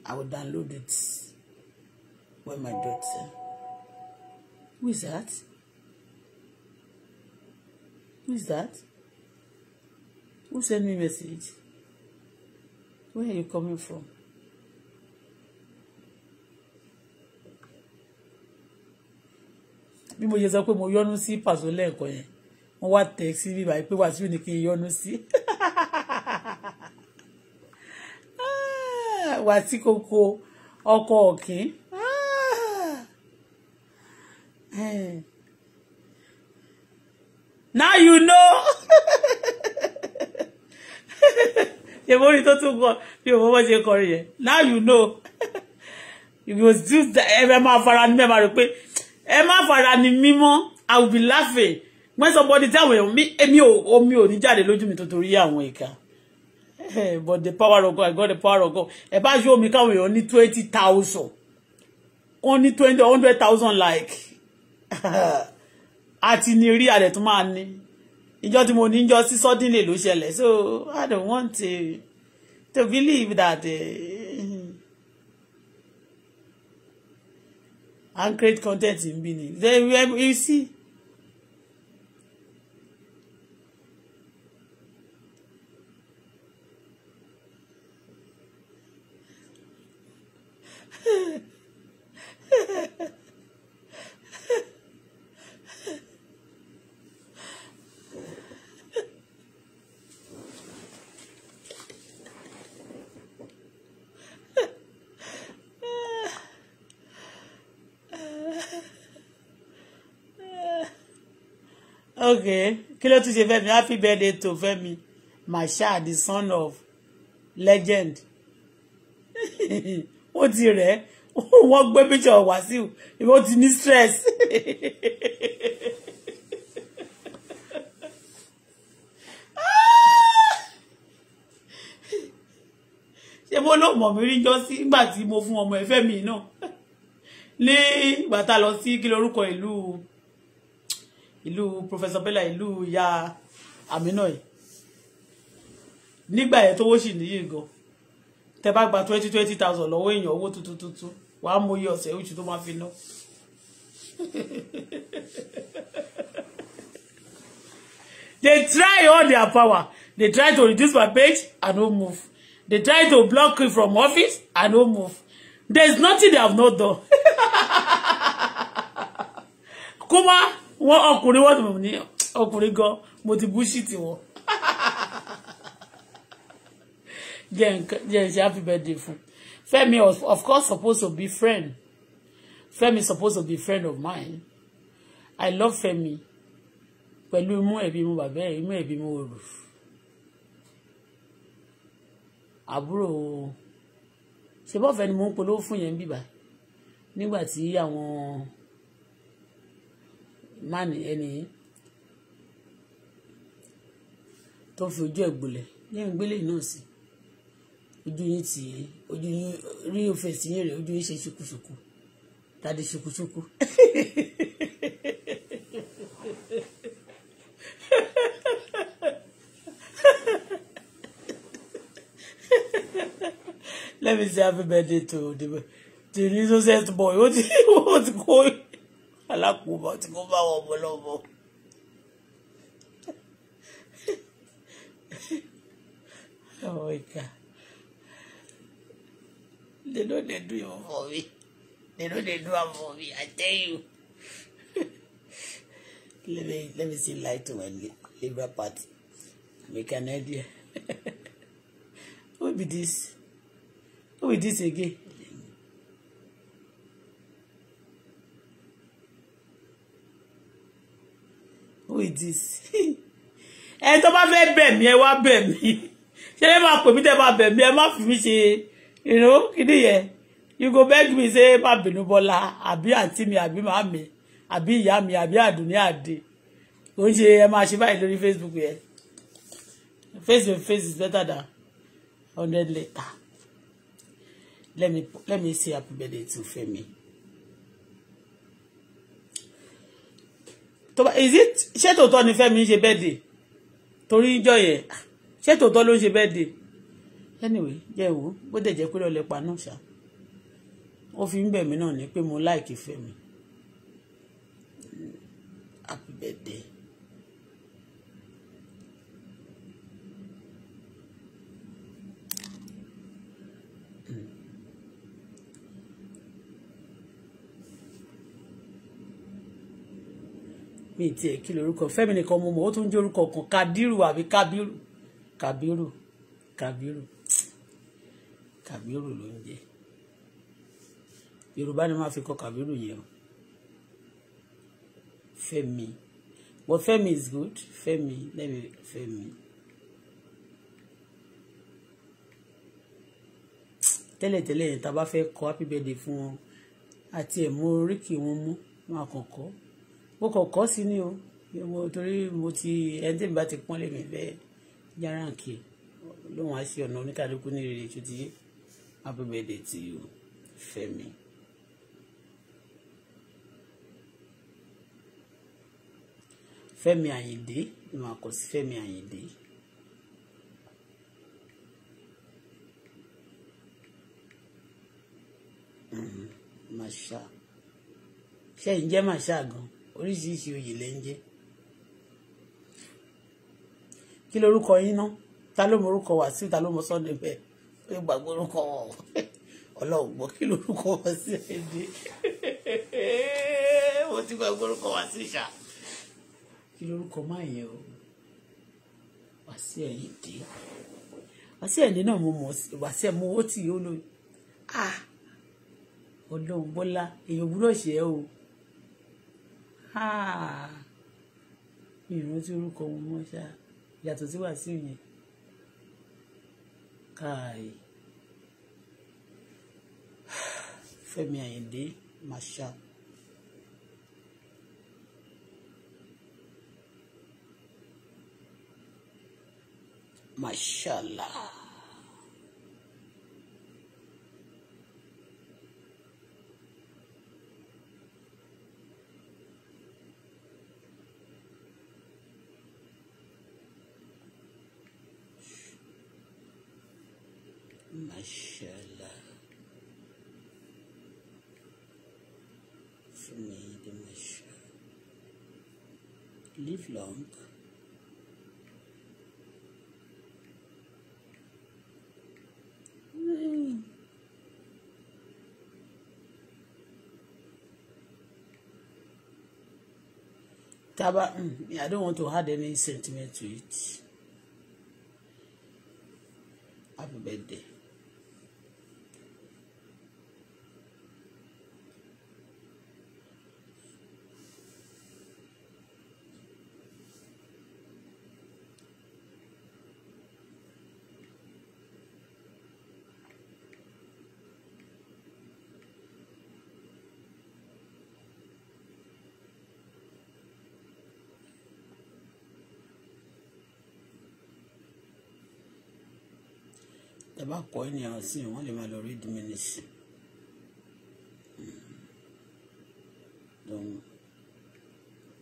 S1: I will download it when my daughter who is that? Who is that? Who sent me message? Where are you coming from? bí mo ṣe sọ pé mo yọnu sí pàṣọ lẹ́ẹ̀kan yẹn wọ́n wá tẹ̀ sí bíbá pé wàásù ni kí n yọnu sí ah, wàásù koko ọkọ̀ ọ̀kín. Ah, eh now you know ṣe mo rí tó tún kọ bí o bọ́ ṣe kọrin yẹn now you know you go do that ẹ máa fara ni mẹ́ẹ̀ma rò pé ẹ máa fara ni mímọ́ i will be laughing when somebody tell me èmi ò omi ò ní jáde lójú mi tó torí àwọn ìka eh, but the power of God I got the power of God ẹ bá ṣe omi káwọn èèyàn ní twenty thousand wọ́n ní twenty hundred thousand like. àti ní rí àdẹ̀ tó máa ní ìjọ tí mo ní jọ sí suddenly ló ṣẹlẹ̀ so I don't want to to believe that uh, eh, create content in Bini. ni then you see okay kí ló tún ṣe Fẹ́mi happy birthday to Fẹ́mi masha the son of legend ó ti rẹ̀ wọ́n gbé picture Wàsíù ó ti ní stress. ṣe bó ló mọ̀ mí rí jọ sí nígbà tí mo fún ọmọ ẹ̀fẹ́ mi náà ní ìgbà tá a lọ sí kí lorúkọ ìlú ìlú professor bella ìlú ìyá àmínà yìí nígbà yẹn tówó sì níyì gan tẹ bá gba twenty twenty thousand lọ́wọ́ èèyàn owó tuntun tuntun wàá mú iye ọ̀sẹ̀ oṣù tó máa fi ná they try all their power they try to reduce my page i no move they try to block me from office i no move There is nothing they have not done kuma wọ́n ọkùnrin wọ́n ti mọ̀ ní ọkùnrin gan mo ti búṣìtì wọn jẹ́ n ṣe happy birthday fún Femi of course supposed to be friend Femi supposed to be friend of mine I love Femi pẹ̀lú imú ẹ̀bí mu bàbá ẹ̀ imú ẹ̀bí mu òrù àbúrò ṣe bọ́ọ̀fẹ́ ni mo ń polówó fún yẹn bíbá nígbà tí àwọn mánì ẹni yìí tó fi ojú ẹ̀ gbolẹ̀ lẹ́yìn gbélé náà sí ojú yín tì í ojú yín rí òfin ìsìn rẹ̀ ojú yín ṣe ṣùkùṣùkù tàdé ṣùkùṣùkù. Let me say happy birthday to the, the innocent boy. What, what, what, alákòóbá tí kò bá wọ ọmọlọ́mọ. àwọn oh ìka they no dey do even for me they no dey do am for me I tell you let me let me see light to my Labour Party I'm a Canadian who be this who be this again. who is this And tó bá fẹ́ me, I want wá bẹ̀ mí ṣé ẹ máa pè mí tẹ́ máa bẹ̀ mí ẹ má fi mí you go beg me say má Bola." I be àǹtí me. I be mi àbí ìyá mi àbí àdùnní àdè kò ń ṣe ẹ máa ṣe báyìí lórí facebook yet. face to face is better than hundred later. let me let me say happy birthday to Femi. tó bá is it ṣé tòótọ́ ni Fẹ́mi ń ṣe birthday torí ń jọ yẹn ah, ṣé tòótọ́ ló ń ṣe birthday anyway jẹ́ ìwò bó dẹ̀ jẹ́ pé lọ́lẹ̀ pa náà ṣá ó fi ń bẹ̀ mí náà ni pé mo láìkí Fẹ́mi happy birthday. mi ti ẹ̀ kí lórúkọ fẹ́mi nìkan mo mọ̀ ó tún jẹ́ orúkọ kan kadiru àbí kabiru kabiru kabiru kabiru ló ń jẹ́ yorùbá ni máa fi kọ kabiru yẹn o fẹ́mi but fẹ́mi is good fẹ́mi lẹ́mi fẹ́mi. tẹ́lẹ̀tẹ́lẹ̀ yẹn tá a bá fẹ́ kọ happy birthday fún wọn àti ẹ̀mú oríkì wọn mú wọn àkànkọ́ mo kàn kọ́ sí ni o mo torí mo ti ẹni tí mi bá ti pọ́n lè mi fẹ́ yára nkì lóun á sí ọ̀nà oníkàlùkù ní rere tó ti abúgbẹ̀dẹ̀ tì í fẹ́ mi. Fẹ́mi Àyìndé ni màá kọ sí Fẹ́mi Àyìndé. Mm-hmm. màṣá ṣe ń jẹ́ màṣá gan-an oríṣiríṣi oyè lẹ́ ń jẹ́ kí lorúkọ yín ná ta ló morúkọ Wàsíù ta ló mọ Sunday bẹ́ẹ̀ ó yẹ gbàgbọ́ orúkọ Ọlọ́run gbọ́ kí lorúkọ Wàsíù ẹ̀ dé mo ti gbàgbọ́ orúkọ Wàsíù ṣá kí lorúkọ má yẹ o Wàsíù ẹ̀yìn dé Wàsíù ẹ̀yìn náà mo mọ̀ Wàsíù mo ó tì í lóyún ah Ọlọ́run bọ́lá èèyàn gbúdọ̀ ṣe é o mi ò rántí orúkọ wọn mọ́ ṣá yàtọ̀ sí wàásù yẹn káàyè Fẹ́mi Àyìndé màṣá. Mashallah. to me the Live long. Mm. Taba, I don't want to add any sentiment to it. Happy birthday. tẹ bá kọ ẹni àsìn wọn lè máa lọ rí diminisì don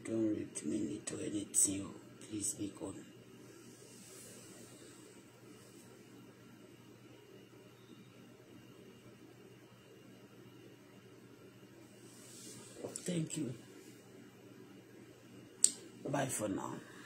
S1: don read me to anything o please be on. Thank you. Bye for now.